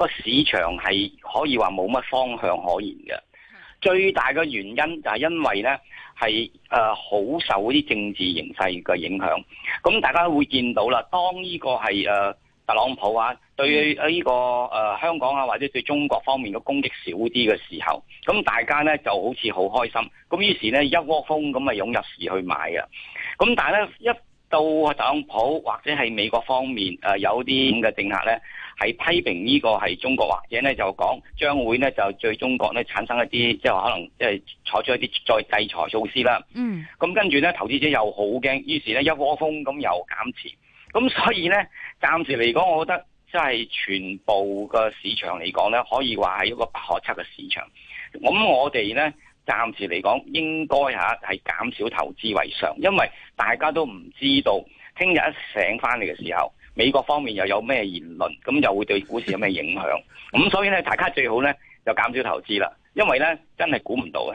個市場係可以話冇乜方向可言嘅，最大嘅原因就係因為呢係誒好受啲政治形勢嘅影響。咁大家會見到啦，當呢個係誒特朗普啊對呢個誒香港啊或者對中國方面嘅攻擊少啲嘅時候，咁大家呢就好似好開心，咁於是呢，一窩蜂咁啊湧入市去買啊！咁但係呢，一到特朗普或者係美國方面誒有啲咁嘅政客呢。係批評呢個係中國或者咧，就講將會咧就對中國咧產生一啲即係可能即係採取一啲再制裁措施啦。嗯，咁跟住咧投資者又好驚，於是咧一窩蜂咁又減持，咁所以咧暫時嚟講，我覺得即係全部個市場嚟講咧，可以話係一個不可測嘅市場。咁我哋咧暫時嚟講應該嚇係減少投資為上，因為大家都唔知道聽日一醒翻嚟嘅時候。美國方面又有咩言論，咁又會對股市有咩影響？咁所以咧，大家最好咧就減少投資啦，因為咧真係估唔到。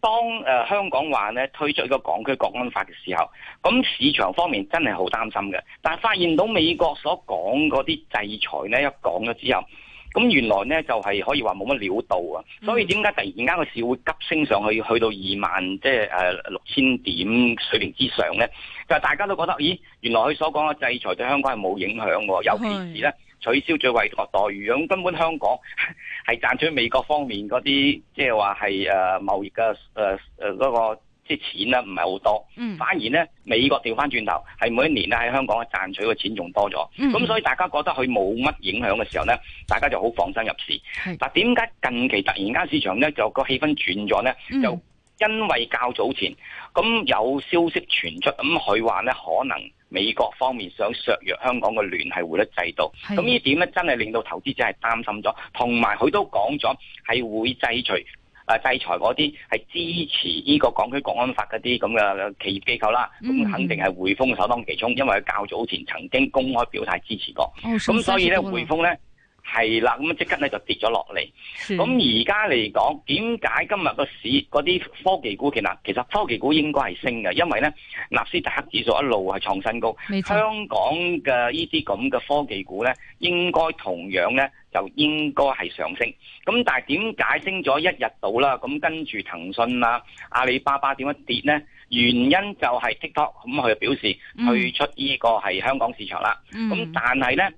當誒、呃、香港話咧推出呢個港區國安法嘅時候，咁市場方面真係好擔心嘅。但係發現到美國所講嗰啲制裁咧，一講咗之後，咁原來咧就係、是、可以話冇乜料到啊。所以點解突然間個市會急升上去，去到二萬即係呃、六千點水平之上咧？就大家都覺得，咦，原來佢所講嘅制裁對香港係冇影響喎，尤其是咧。取消最惠國待遇，咁根本香港係賺取美國方面嗰啲、就是呃呃呃那個，即係話，係誒貿易嘅誒誒嗰個即係錢咧唔係好多。反而咧美國調翻轉頭，係每一年咧喺香港賺取嘅錢仲多咗。咁所以大家覺得佢冇乜影響嘅時候咧，大家就好放心入市。但點解近期突然間市場咧就個氣氛轉咗咧？就因為較早前咁有消息傳出，咁佢話咧可能。美國方面想削弱香港嘅聯繫匯率制度，咁呢的點咧真係令到投資者係擔心咗，同埋佢都講咗係會制裁、啊、制裁嗰啲係支持呢個港區國安法嗰啲咁嘅企業機構啦，咁、嗯、肯定係匯豐首當其衝，因為佢較早前曾經公開表態支持過，咁、哦、所以咧匯豐咧。係啦，咁即刻咧就跌咗落嚟。咁而家嚟講，點解今日個市嗰啲科技股？其實，其實科技股應該係升嘅，因為咧納斯達克指數一路係創新高。錯香港嘅呢啲咁嘅科技股咧，應該同樣咧就應該係上升。咁但係點解升咗一日到啦？咁跟住騰訊啊、阿里巴巴點樣跌咧？原因就係 TikTok 咁，佢就表示退出呢個係香港市場啦。咁、嗯、但係咧。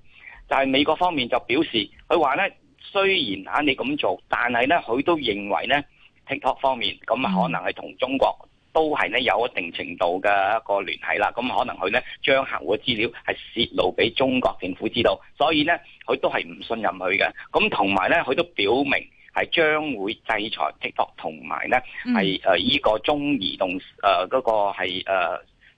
但係美國方面就表示，佢話咧，雖然啊你咁做，但係咧佢都認為咧，TikTok 方面咁可能係同中國都係咧有一定程度嘅一個聯繫啦。咁可能佢咧將客戶資料係洩露俾中國政府知道，所以咧佢都係唔信任佢嘅。咁同埋咧，佢都表明係將會制裁 TikTok 同埋咧係誒依、嗯、個中移動誒嗰、呃那個係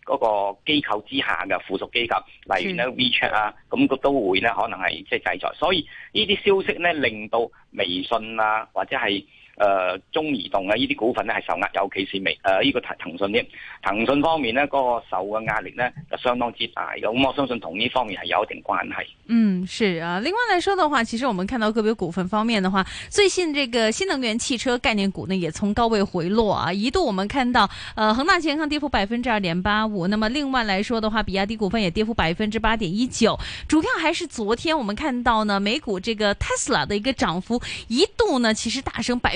嗰個機構之下嘅附屬機構，例如咧 WeChat 啊，咁佢、嗯、都會咧可能係即係制裁，所以呢啲消息咧令到微信啊或者係。呃中移動啊，呢啲股份呢係受壓，尤其是微呢、呃這個騰騰訊添。騰訊方面呢，嗰、那個受嘅壓力呢，就相當之大嘅。咁我相信同呢方面係有一定關係。嗯，是啊。另外來說的話，其實我們看到個別股份方面的話，最近這個新能源汽車概念股呢，也從高位回落啊。一度我們看到，呃，恒大健康跌幅，百分之二點八五。那麼另外來說的話，比亞迪股份也跌幅，百分之八點一九。主要還是昨天我們看到呢，美股這個 Tesla 的一個漲幅一度呢，其實大升百。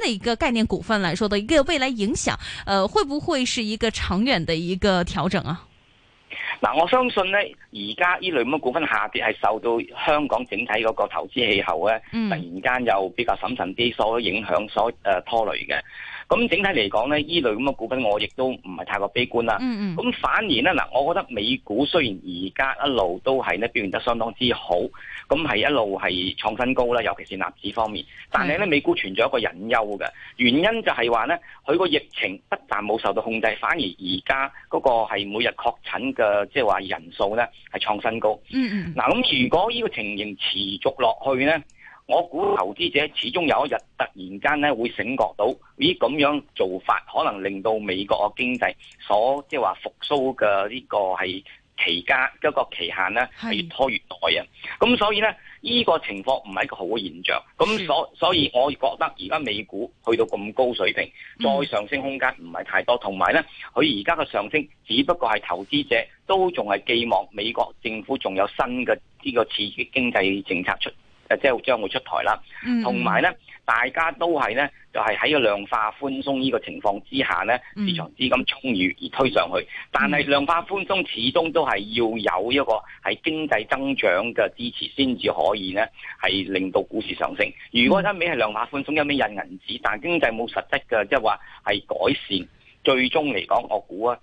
嘅一個概念股份來說的一個未來影響，呃，會不會是一個長遠的一個調整啊？嗱，我相信呢，而家呢類咁嘅股份下跌係受到香港整體嗰個投資氣候咧，突然間又比較審慎啲所影響所誒、呃、拖累嘅。咁整體嚟講咧，呢類咁嘅股份，我亦都唔係太過悲觀啦。咁、嗯嗯、反而咧，嗱，我覺得美股雖然而家一路都係咧表現得相當之好，咁係一路係創新高啦，尤其是納指方面。但係咧，嗯、美股存在一個隱憂嘅原因就，就係話咧，佢個疫情不但冇受到控制，反而而家嗰個係每日確診嘅即係話人數咧係創新高。嗱、嗯嗯，咁如果呢個情形持續落去咧。我估投資者始終有一日突然間咧會醒覺到，咦，咁樣做法可能令到美國嘅經濟所即係話復蘇嘅呢個係期間一個期限咧係越拖越耐啊！咁所以咧呢個情況唔係一個好嘅現象。咁所以所以我覺得而家美股去到咁高水平，再上升空間唔係太多，同埋咧佢而家嘅上升只不過係投資者都仲係寄望美國政府仲有新嘅呢個刺激經濟政策出。即係將會出台啦，同埋咧，大家都係咧，就係喺個量化寬鬆呢個情況之下咧，市場資金充裕而推上去。但係量化寬鬆始終都係要有一個係經濟增長嘅支持先至可以咧，係令到股市上升。如果一味係量化寬鬆，一味印銀紙，但經濟冇實質嘅，即係話係改善，最終嚟講，我估啊。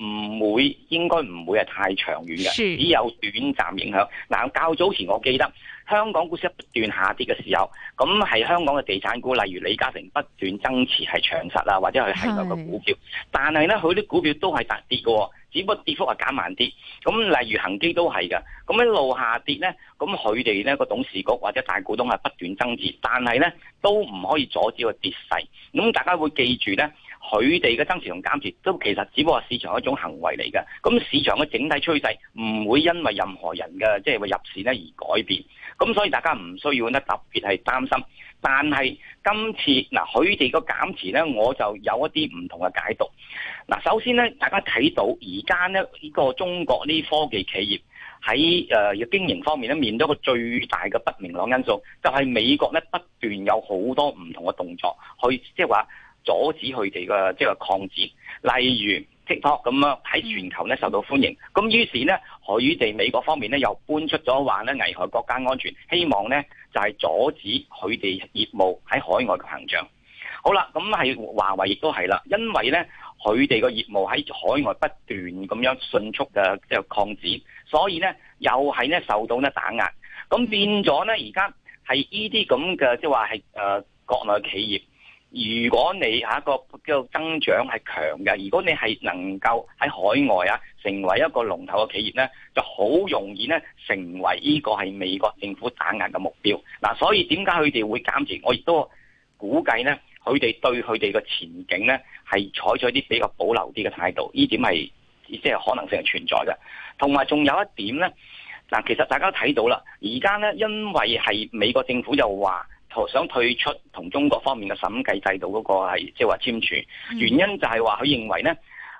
唔會應該唔會係太長遠嘅，是只有短暫影響。嗱，較早前我記得香港股市不斷下跌嘅時候，咁係香港嘅地產股，例如李嘉誠不斷增持係長實啊，或者佢旗下嘅股票。是但係咧，佢啲股票都係跌跌嘅，只不過跌幅係減慢啲。咁例如恒基都係嘅，咁一路下跌咧，咁佢哋咧個董事局或者大股東係不斷增持，但係咧都唔可以阻止個跌勢。咁大家會記住咧。佢哋嘅增持同減持都其實只不過係市場一種行為嚟嘅，咁市場嘅整體趨勢唔會因為任何人嘅即係入市咧而改變，咁所以大家唔需要咧特別係擔心。但係今次嗱，佢哋個減持咧，我就有一啲唔同嘅解讀。嗱，首先咧，大家睇到而家咧呢、這個中國呢科技企業喺誒、呃、經營方面咧，面對個最大嘅不明朗因素，就係、是、美國咧不斷有好多唔同嘅動作去即係話。阻止佢哋嘅即係擴張，例如 TikTok 咁樣喺全球咧受到歡迎，咁於是咧佢哋美國方面咧又搬出咗話咧危害國家安全，希望咧就係阻止佢哋業務喺海外嘅膨脹。好啦，咁係華為亦都係啦，因為咧佢哋嘅業務喺海外不斷咁樣迅速嘅即係擴張，所以咧又係咧受到咧打壓，咁變咗咧而家係依啲咁嘅即係話係誒國內企業。如果你下一、啊那個叫、那個、增長係強嘅，如果你係能夠喺海外啊成為一個龍頭嘅企業呢，就好容易呢成為呢個係美國政府打壓嘅目標。嗱、啊，所以點解佢哋會減持？我亦都估計呢，佢哋對佢哋嘅前景呢係採取啲比較保留啲嘅態度。呢點係即係可能性係存在嘅。同埋仲有一點呢，嗱、啊，其實大家睇到啦，而家呢，因為係美國政府又話。想退出同中國方面嘅審計制度嗰個係即係話簽署原因就係話，佢認為咧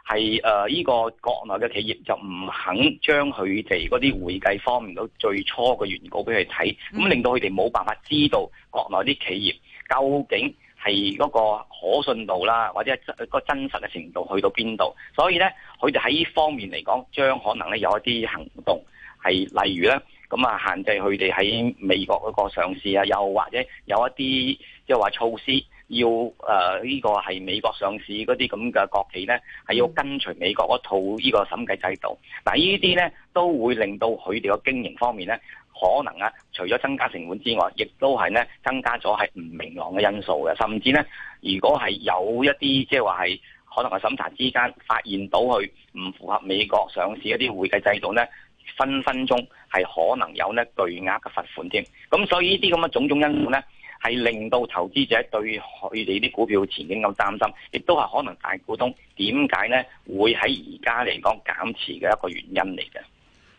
係誒呢個國內嘅企業就唔肯將佢哋嗰啲會計方面都最初嘅原稿俾佢睇，咁令到佢哋冇辦法知道國內啲企業究竟係嗰個可信度啦，或者嗰個真實嘅程度去到邊度，所以咧佢哋喺呢方面嚟講，將可能咧有一啲行動，係例如咧。咁啊，限制佢哋喺美國嗰個上市啊，又或者有一啲即係話措施，要誒呢個係美國上市嗰啲咁嘅國企咧，係要跟隨美國嗰套呢個審計制度。嗱，呢啲咧都會令到佢哋嘅經營方面咧，可能啊，除咗增加成本之外，亦都係咧增加咗係唔明朗嘅因素嘅。甚至咧，如果係有一啲即係話，係可能係審查之間發現到佢唔符合美國上市一啲會計制度咧。分分鐘係可能有呢巨額嘅罰款添，咁所以呢啲咁嘅種種因素呢，係令到投資者對佢哋啲股票前景咁擔心，亦都係可能大股東點解呢會喺而家嚟講減持嘅一個原因嚟嘅。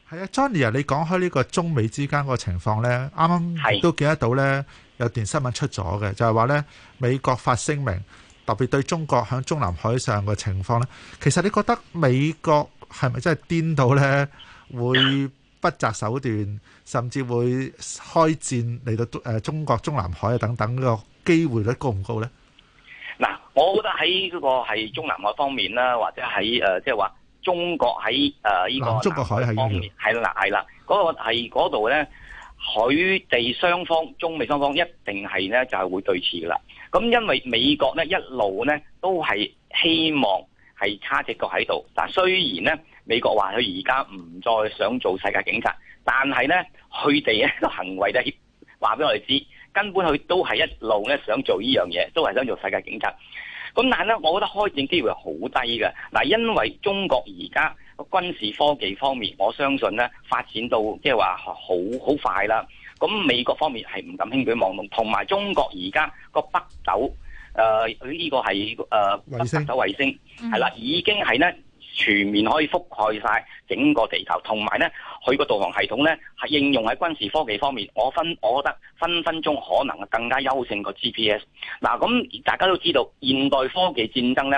係啊，Johnny 你講開呢個中美之間個情況呢，啱啱都記得到呢，有段新聞出咗嘅，就係、是、話呢美國發聲明，特別對中國喺中南海上嘅情況呢。其實你覺得美國係咪真係癲到呢？會不擇手段，甚至會開戰嚟到誒中國中南海啊等等呢個機會率高唔高咧？嗱，我覺得喺個係中南海方面啦，或者喺誒即係話中國喺誒呢個中國海係、這個那個、方面，係啦係啦，嗰個係嗰度咧，佢哋雙方中美雙方一定係咧就係會對峙噶啦。咁因為美國咧一路咧都係希望。係差直角喺度，嗱，雖然咧美國話佢而家唔再想做世界警察，但係咧佢哋咧個行為咧，話俾我哋知，根本佢都係一路咧想做呢樣嘢，都係想做世界警察。咁但係咧，我覺得開戰機會好低㗎。嗱，因為中國而家個軍事科技方面，我相信咧發展到即係話好好快啦。咁美國方面係唔敢輕舉妄動，同埋中國而家個北斗。誒，佢呢、呃這個係誒，北斗衛星係啦，已經係咧全面可以覆蓋晒整個地球，同埋咧。佢個導航系統咧係應用喺軍事科技方面，我分我覺得分分鐘可能更加優勝過 GPS。嗱、啊，咁大家都知道現代科技戰爭咧，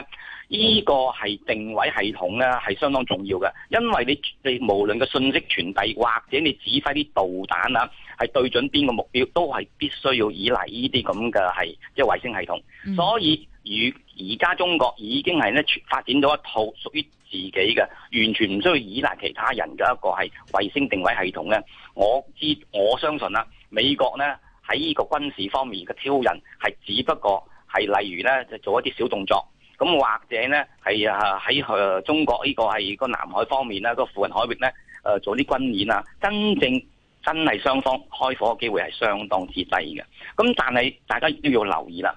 呢、這個係定位系統咧係相當重要嘅，因為你你無論個信息傳遞或者你指揮啲導彈啊，係對準邊個目標都係必須要依賴呢啲咁嘅係即係衛星系統。嗯、所以，如而家中國已經係咧發展到一套屬於。自己嘅完全唔需要倚賴其他人嘅一個係衛星定位系統咧，我知我相信啦，美國呢喺呢個軍事方面嘅挑釁係只不過係例如咧就做一啲小動作，咁或者咧係啊喺誒中國呢個係個南海方面啦，個附近海域咧誒、呃、做啲軍演啊，真正真係雙方開火嘅機會係相當之低嘅，咁但係大家亦都要留意啦。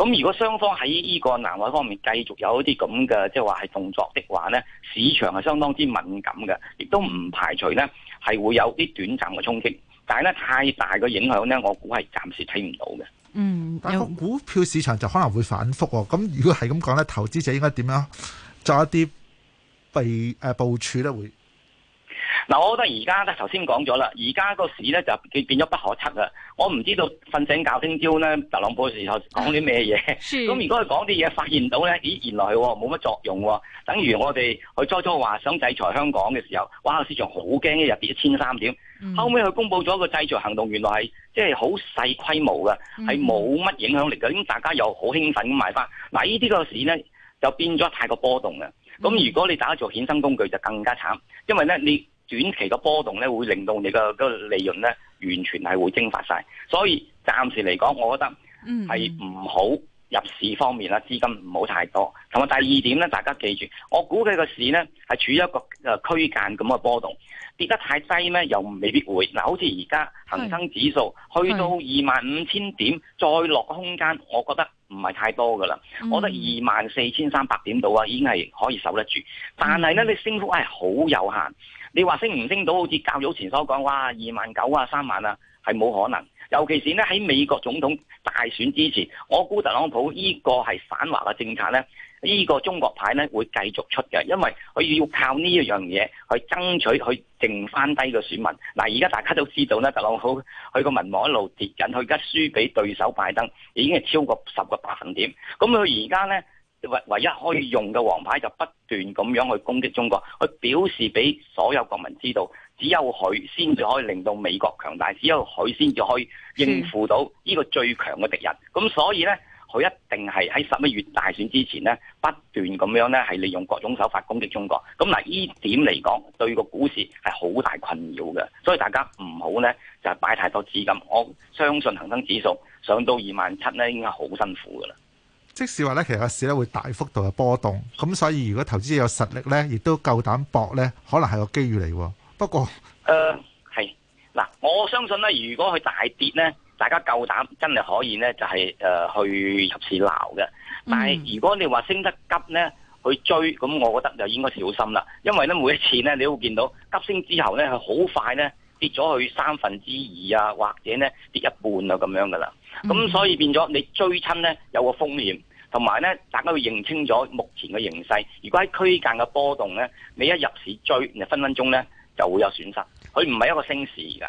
咁如果雙方喺呢個南海方面繼續有一啲咁嘅即係話係動作的話咧，市場係相當之敏感嘅，亦都唔排除呢係會有啲短暫嘅衝擊，但係呢太大嘅影響呢，我估係暫時睇唔到嘅。嗯，但係股票市場就可能會反覆喎。咁如果係咁講呢，投資者應該點樣做一啲備誒部署咧？會？嗱，我覺得而家咧，頭先講咗啦，而家個市咧就變咗不可測啊！我唔知道瞓醒覺聽朝咧，特朗普嘅時候講啲咩嘢。咁 如果佢講啲嘢，發現到咧，咦，原來冇、哦、乜作用、哦，等於我哋去初初話想制裁香港嘅時候，哇，市場好驚，一日跌一千三點。後尾佢公布咗個制裁行動，原來係即係好細規模嘅，係冇乜影響力嘅。咁大家又好興奮咁買翻。嗱，呢啲個市咧就變咗太過波動啦。咁如果你打做衍生工具，就更加慘，因為咧你。短期嘅波動咧，會令到你嘅個利潤咧，完全係會蒸發晒，所以暫時嚟講，我覺得係唔好入市方面啦，資金唔好太多。同埋第二點咧，大家記住，我估計個市咧係處於一個誒區間咁嘅波動，跌得太低咧又未必會。嗱，好似而家恒生指數去到二萬五千點，再落空間，我覺得唔係太多噶啦。我覺得二萬四千三百點度啊，已經係可以守得住。但係咧，你升幅係好有限。你話升唔升到？好似較早前所講，哇，二萬九啊，三萬啊，係冇可能。尤其是咧喺美國總統大選之前，我估特朗普呢個係反華嘅政策咧，依、呢個中國牌咧會繼續出嘅，因為佢要靠呢一樣嘢去爭取去剩翻低嘅選民。嗱，而家大家都知道咧，特朗普佢個民望一路跌緊，佢而家輸俾對手拜登，已經係超過十個百分點。咁佢而家咧。唯一可以用嘅王牌就不斷咁樣去攻擊中國，去表示俾所有國民知道，只有佢先至可以令到美國強大，只有佢先至可以應付到呢個最強嘅敵人。咁所以呢，佢一定係喺十一月大選之前呢，不斷咁樣呢係利用各種手法攻擊中國。咁嗱，呢點嚟講對個股市係好大困擾嘅，所以大家唔好呢就係擺太多資金。我相信恒生指數上到二萬七呢，應該好辛苦噶啦。即使話咧，其實個市咧會大幅度嘅波動，咁所以如果投資者有實力咧，亦都夠膽搏咧，可能係個機遇嚟。不過，誒係嗱，我相信咧，如果佢大跌咧，大家夠膽真係可以咧、就是，就係誒去入市鬧嘅。但係如果你話升得急咧，去追，咁我覺得就應該小心啦。因為咧，每一次咧，你都會見到急升之後咧，係好快咧。跌咗去三分之二啊，或者呢跌一半啊，咁樣噶啦。咁、嗯、所以變咗，你追親呢，有個風險，同埋呢，大家要認清楚目前嘅形勢。如果喺區間嘅波動呢，你一入市追，你分分鐘呢就會有損失。佢唔係一個升市㗎。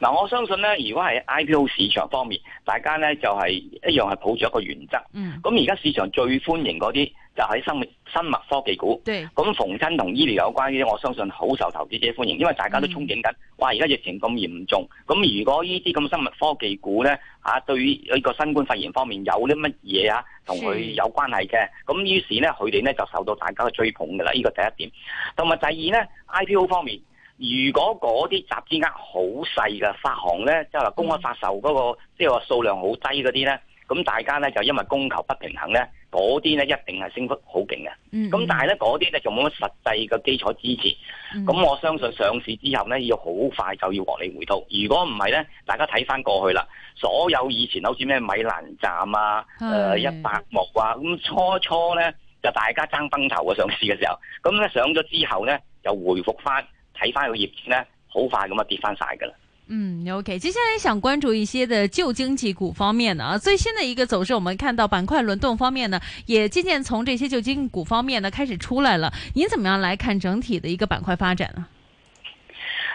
嗱，我相信咧，如果係 IPO 市場方面，大家咧就係、是、一樣係抱住一個原則。嗯。咁而家市場最歡迎嗰啲就喺生物生物科技股。對。咁逢親同醫療有關嘅，我相信好受投資者歡迎，因為大家都憧憬緊。嗯、哇！而家疫情咁嚴重，咁如果呢啲咁嘅生物科技股咧，吓對於呢個新冠肺炎方面有啲乜嘢啊，同佢有關係嘅，咁於是咧，佢哋咧就受到大家嘅追捧噶啦。呢、呢個第一點，同埋第二咧，IPO 方面。如果嗰啲集資額好細嘅發行呢，即、就、係、是、公開發售嗰、那個，即係話數量好低嗰啲呢，咁大家呢就因為供求不平衡呢，嗰啲呢一定係升幅好勁嘅。咁、嗯嗯、但係呢，嗰啲呢仲冇乜實際嘅基礎支持，咁我相信上市之後呢，要好快就要獲利回吐。如果唔係呢，大家睇翻過去啦，所有以前好似咩米蘭站啊、誒的、呃、一百木啊，咁初初呢就大家爭崩頭啊上市嘅時候，咁呢上咗之後呢，又回復翻。睇翻個業績呢，好快咁啊跌翻晒噶啦。嗯，OK，接下來想關注一些的舊經濟股方面啊。最新的一個走勢，我們看到板塊輪動方面呢，也漸漸從這些舊經濟股方面呢開始出來了。你怎麼樣來看整體的一個板塊發展呢？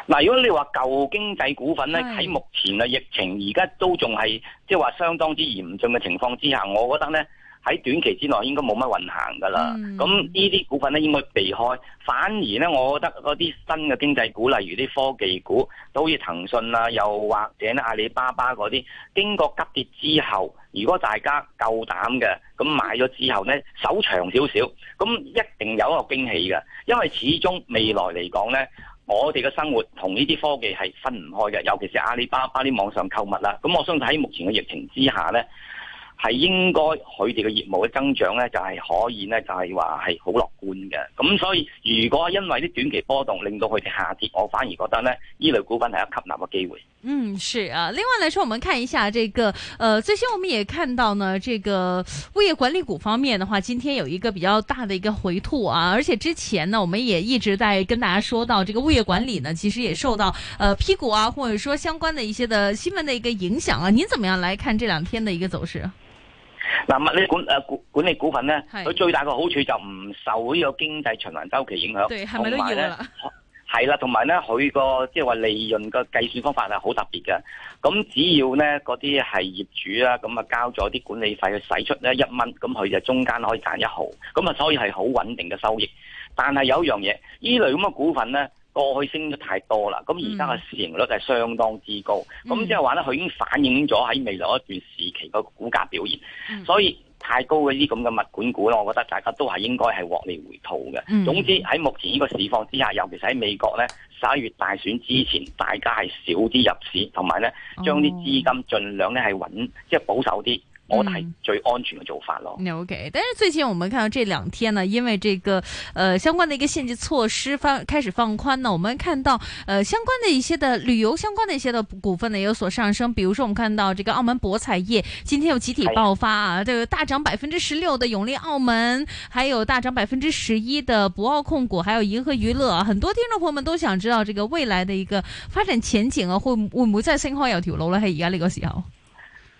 啊、嗱，如果你話舊經濟股份呢，喺的目前嘅疫情而家都仲係即係話相當之嚴峻嘅情況之下，我覺得呢。喺短期之內應該冇乜運行噶啦，咁呢啲股份咧應該避開，反而咧我覺得嗰啲新嘅經濟股，例如啲科技股，都好似騰訊啊，又或者咧阿里巴巴嗰啲，經過急跌之後，如果大家夠膽嘅，咁買咗之後咧，守長少少，咁一定有一個驚喜嘅，因為始終未來嚟講咧，我哋嘅生活同呢啲科技係分唔開嘅，尤其是阿里巴巴啲網上購物啦，咁我相信喺目前嘅疫情之下咧。係應該佢哋嘅業務嘅增長呢，就係可以呢，就係話係好樂觀嘅。咁所以如果因為啲短期波動令到佢哋下跌，我反而覺得呢依類股份係一個吸納嘅機會。嗯，是啊。另外來說，我們看一下這個，呃，最先我們也看到呢，這個物業管理股方面的話，今天有一個比較大的一個回吐啊。而且之前呢，我們也一直在跟大家說到，這個物業管理呢，其實也受到呃批股啊，或者說相關的一些的新聞嘅一個影響啊。您怎麼樣來看這兩天嘅一個走勢？嗱，物業管理誒，管理股份咧，佢是最大嘅好處就唔受呢個經濟循環周期影響。同埋咧，係啦，同埋咧，佢個即係話利潤嘅計算方法係好特別嘅。咁只要咧，嗰啲係業主啦，咁啊交咗啲管理費去使出咧一蚊，咁佢就中間可以賺一毫。咁啊，所以係好穩定嘅收益。但係有一樣嘢，呢類咁嘅股份咧。過去升咗太多啦，咁而家嘅市盈率就係相當之高，咁、嗯、即係話咧，佢已經反映咗喺未來一段時期個股價表現，嗯、所以太高嗰啲咁嘅物管股咧，我覺得大家都係應該係獲利回吐嘅。嗯、總之喺目前呢個市況之下，尤其是喺美國咧十一月大選之前，大家係少啲入市，同埋咧將啲資金盡量咧係穩，即、就、係、是、保守啲。我係最安全嘅做法咯。OK，但是最近我們看到這兩天呢，因為這個，呃，相關的一個限制措施放開始放寬呢，我們看到，呃，相關的一些的旅遊相關的一些的股份呢有所上升。比如說我們看到這個澳門博彩業今天又集體爆發啊，啊，這個大漲百分之十六的永利澳門，還有大漲百分之十一的澳博控股，還有銀河娛樂。啊，很多聽眾朋友們都想知道，這個未來的一個發展前景啊，會會唔會在升開有條路呢？喺而家呢個時候。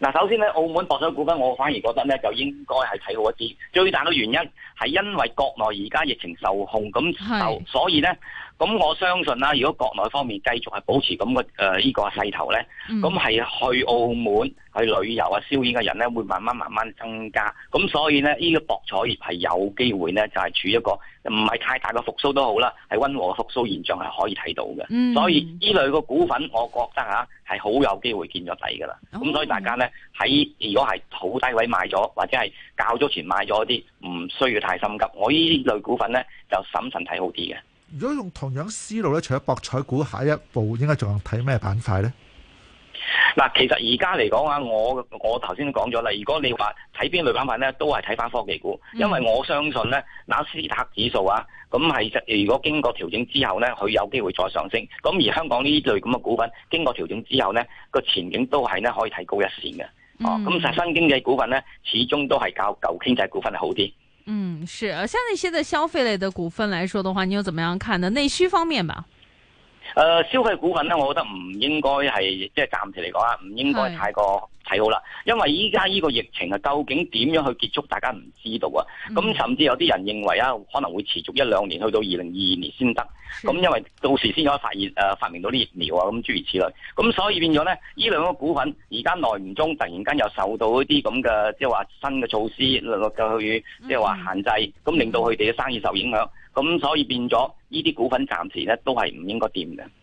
嗱，首先咧，澳門博彩股份，我反而覺得咧，就應該係睇好一啲。最大嘅原因係因為國內而家疫情受控，咁受是所以咧。咁我相信啦、啊，如果國內方面繼續係保持咁嘅誒呢個勢頭咧，咁係、嗯、去澳門去旅遊啊、消遣嘅人咧，會慢慢慢慢增加。咁所以咧，呢、呢個博彩業係有機會咧，就係、是、處一個唔係太大嘅復甦都好啦，係溫和嘅復甦現象係可以睇到嘅。嗯、所以呢類嘅股份，我覺得嚇係好有機會見咗底㗎啦。咁、哦、所以大家咧喺、嗯、如果係好低位買咗，或者係較早前買咗啲，唔需要太心急。我呢類股份咧，就審慎睇好啲嘅。如果用同樣思路咧，除咗博彩股，下一步應該仲有睇咩板塊咧？嗱，其實而家嚟講啊，我我頭先講咗啦，如果你話睇邊類板塊咧，都係睇翻科技股，嗯、因為我相信咧，納斯塔指數啊，咁係如果經過調整之後咧，佢有機會再上升。咁而香港呢類咁嘅股份經過調整之後咧，個前景都係咧可以提高一線嘅。哦、嗯，咁、啊、新經濟的股份咧，始終都係較舊經濟股份好啲。嗯，是，啊，像那些的消費類的股份來說的話，你又怎麼樣看呢？內需方面吧。呃，消費股份咧，我覺得唔應該係，即係暫時嚟講啊，唔應該太過係好啦，因為依家呢個疫情啊，究竟點樣去結束，大家唔知道啊。咁甚至有啲人認為啊，可能會持續一兩年，去到二零二二年先得。咁因為到時先可以發現誒、呃，發明到啲疫苗啊，咁諸如此類。咁所以變咗咧，依兩個股份而家耐唔中，突然間又受到一啲咁嘅，即係話新嘅措施落嚟去，即係話限制，咁令到佢哋嘅生意受影響。咁所以變咗，呢啲股份暫時咧都係唔應該掂嘅。